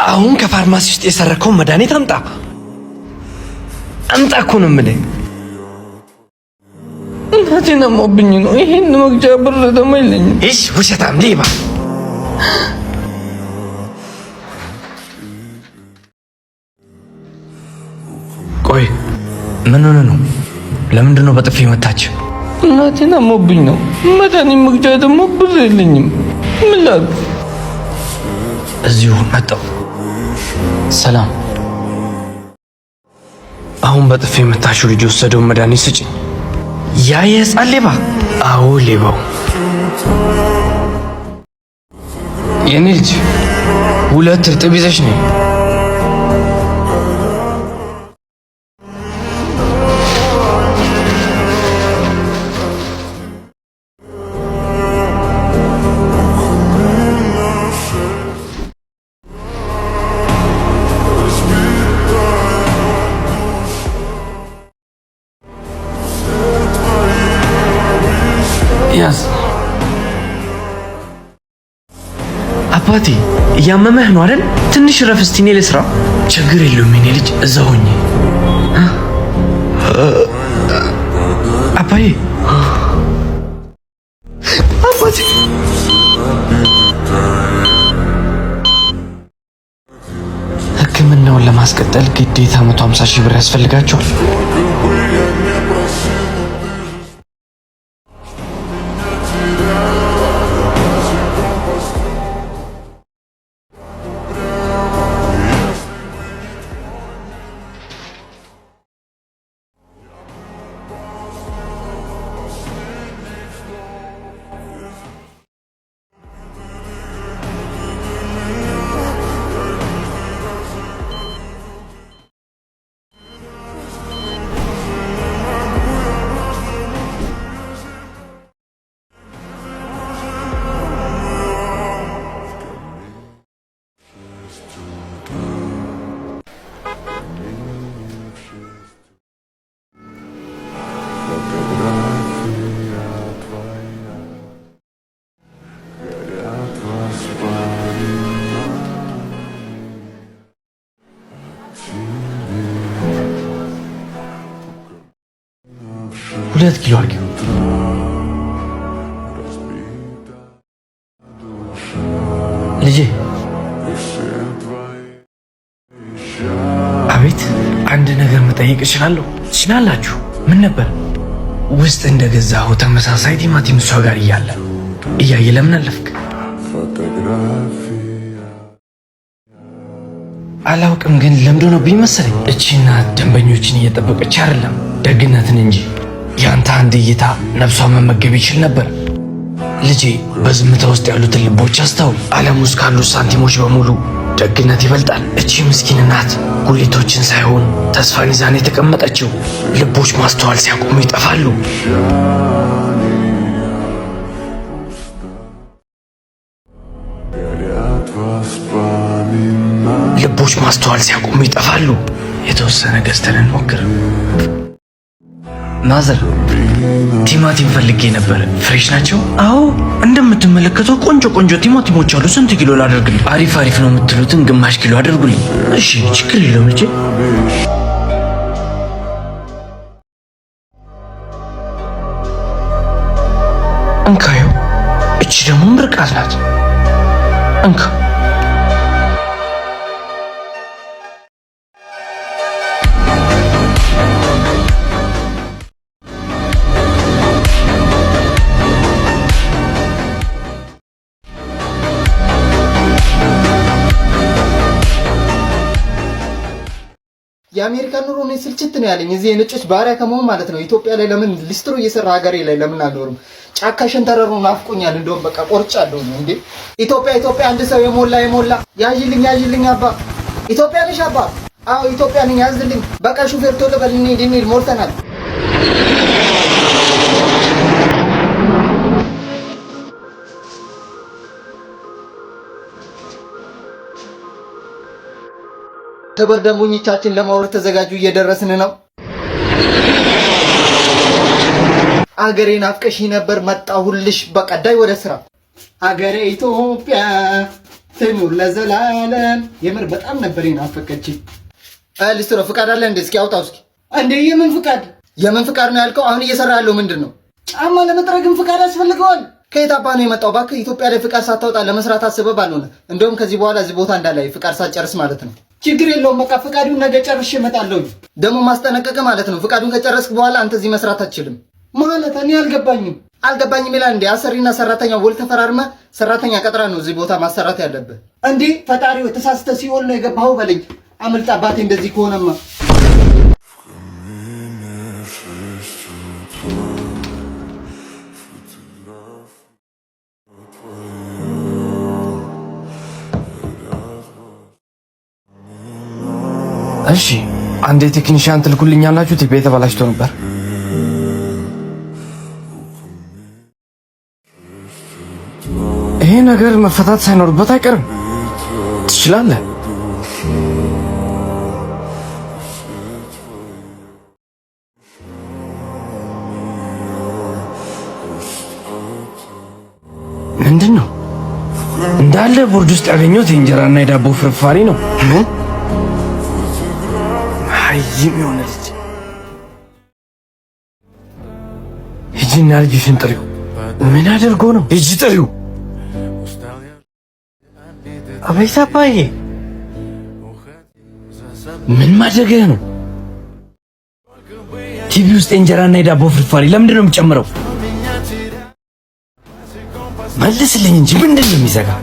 አሁን ከፋርማሲ ውስጥ የሰረከውን መድኃኒት አምጣ አምጣ እኮ ነው የምልህ። እናቴን አሞብኝ ነው። ይሄን መግጃ ብር ደግሞ የለኝም። እሺ፣ ውሸታም ሌባ። ቆይ ምን ሆነ ነው? ለምንድን ነው በጥፊ መታች? እናቴን አሞብኝ ነው። መድኃኒት መግጃ ደግሞ ብር የለኝም። ምን ላድርግ? እዚሁ መጣሁ። ሰላም። አሁን በጥፊ የመታሽው ልጅ የወሰደውን መድኃኒት ስጪኝ። ያ የህፃን ሌባ? አዎ ሌባው የኔ ልጅ። ሁለት እርጥብ ይዘሽ ነይ ያዝ። አባቴ እያመመህ ነው አይደል? ትንሽ ረፍ እስቲ፣ እኔ ልስራ። ችግር የለውም የኔ ልጅ፣ እዛ ሆኜ። አባዬ አባቴ ሕክምናውን ለማስቀጠል ግዴታ መቶ ሃምሳ ሺህ ብር ያስፈልጋቸዋል። ሁለት ኪሎ አድርጊ። ልጄ አቤት። አንድ ነገር መጠየቅ እችላለሁ? ትችላላችሁ። ምን ነበር? ውስጥ እንደገዛሁ ተመሳሳይ ቲማቲም እሷ ጋር እያለ እያየ ለምን አለፍክ? አላውቅም ግን ለምዶ ነው ብኝ መሰለኝ። እቺና ደንበኞችን እየጠበቀች አይደለም ደግነትን እንጂ ያንተ አንድ እይታ ነፍሷ መመገብ ይችል ነበር። ልጄ በዝምታ ውስጥ ያሉትን ልቦች አስተውል። ዓለም ውስጥ ካሉት ሳንቲሞች በሙሉ ደግነት ይበልጣል። እቺ ምስኪን እናት ጉሊቶችን ሳይሆን ተስፋን ይዛን የተቀመጠችው። ልቦች ማስተዋል ሲያቆሙ ይጠፋሉ። ልቦች ማስተዋል ሲያቆሙ ይጠፋሉ። የተወሰነ ገዝተን እንሞክር። ማዘር ቲማቲም ፈልጌ ነበር። ፍሬሽ ናቸው? አዎ፣ እንደምትመለከተው ቆንጆ ቆንጆ ቲማቲሞች አሉ። ስንት ኪሎ ላደርግልኝ? አሪፍ አሪፍ ነው የምትሉትን ግማሽ ኪሎ አድርጉልኝ። እሺ፣ ችግር የለውም ልጄ። እንካየው። እቺ ደግሞ ምርቃት ናት። እንካ የአሜሪካ ኑሮ ነው ስልችት ነው ያለኝ። እዚህ የነጮች ባሪያ ከመሆን ማለት ነው ኢትዮጵያ ላይ ለምን ሊስትሮ እየሰራ ሀገሬ ላይ ለምን አልኖርም? ጫካ ሸንተረሩ ናፍቆኛል። እንደውም በቃ ቆርጫለሁ ነው እንዴ። ኢትዮጵያ ኢትዮጵያ አንድ ሰው የሞላ የሞላ ያይልኝ ያይልኝ። አባ ኢትዮጵያ ነሽ አባ? አዎ ኢትዮጵያ ነኝ። ያዝልኝ በቃ ሹፌር ቶሎ በል እንሂድ እንሂድ ሞልተናል። ተበር ደንበኞቻችን ለማውረድ ተዘጋጁ፣ እየደረስን ነው። አገሬን አፍቀሽ ነበር መጣሁልሽ፣ በቀዳይ ወደ ስራ። አገሬ ኢትዮጵያ ትኑር ለዘላለም። የምር በጣም ነበር ናፈቀች። ልስትሮ ፍቃድ አለ እንዴ? እስኪ አውጣው እስኪ። እንዴ የምን ፍቃድ? የምን ፍቃድ ነው ያልከው? አሁን እየሰራ ያለው ምንድን ነው? ጫማ ለመጥረግም ፍቃድ ያስፈልገዋል። ከየት አባ ነው የመጣው? እባክህ ኢትዮጵያ ላይ ፍቃድ ሳታወጣ ለመስራት አስበህ ባልሆነ። እንደውም ከዚህ በኋላ እዚህ ቦታ እንዳላይ ፍቃድ ሳትጨርስ ማለት ነው። ችግር የለውም። በቃ ፍቃዱን ነገ ጨርሼ እመጣለሁ። ደግሞ ማስጠነቀቅ ማለት ነው። ፍቃዱን ከጨረስክ በኋላ አንተ እዚህ መስራት አትችልም ማለት። እኔ አልገባኝም አልገባኝም ይላል እንዴ? አሰሪና ሰራተኛ ውል ተፈራርመ ሰራተኛ ቀጥራ ነው እዚህ ቦታ ማሰራት ያለብህ እንዴ? ፈጣሪው ተሳስተ ሲሆን ነው የገባኸው በለኝ። አምልጥ አባቴ እንደዚህ ከሆነማ እሺ፣ አንድ የቴክኒሽያን ትልኩልኛላችሁ? ቲቪ የተበላሽቶ ነበር። ይሄ ነገር መፈታት ሳይኖርበት አይቀርም። ትችላለህ። ምንድን ነው? እንዳለ ቦርድ ውስጥ ያገኘሁት የእንጀራና የዳቦ ፍርፋሪ ነው። መሃይም የሆነ ልጅ ሂጂና ልጅሽን ጥሪው። ምን አድርጎ ነው? ሂጂ ጥሪው። አቤት አባዬ፣ ምን ማድረግህ ነው? ቲቪ ውስጥ እና የዳቦ ፍርፋሪ ለምንድን ነው የምጨምረው? መልስልኝ እንጂ ምንድን ነው የሚዘጋ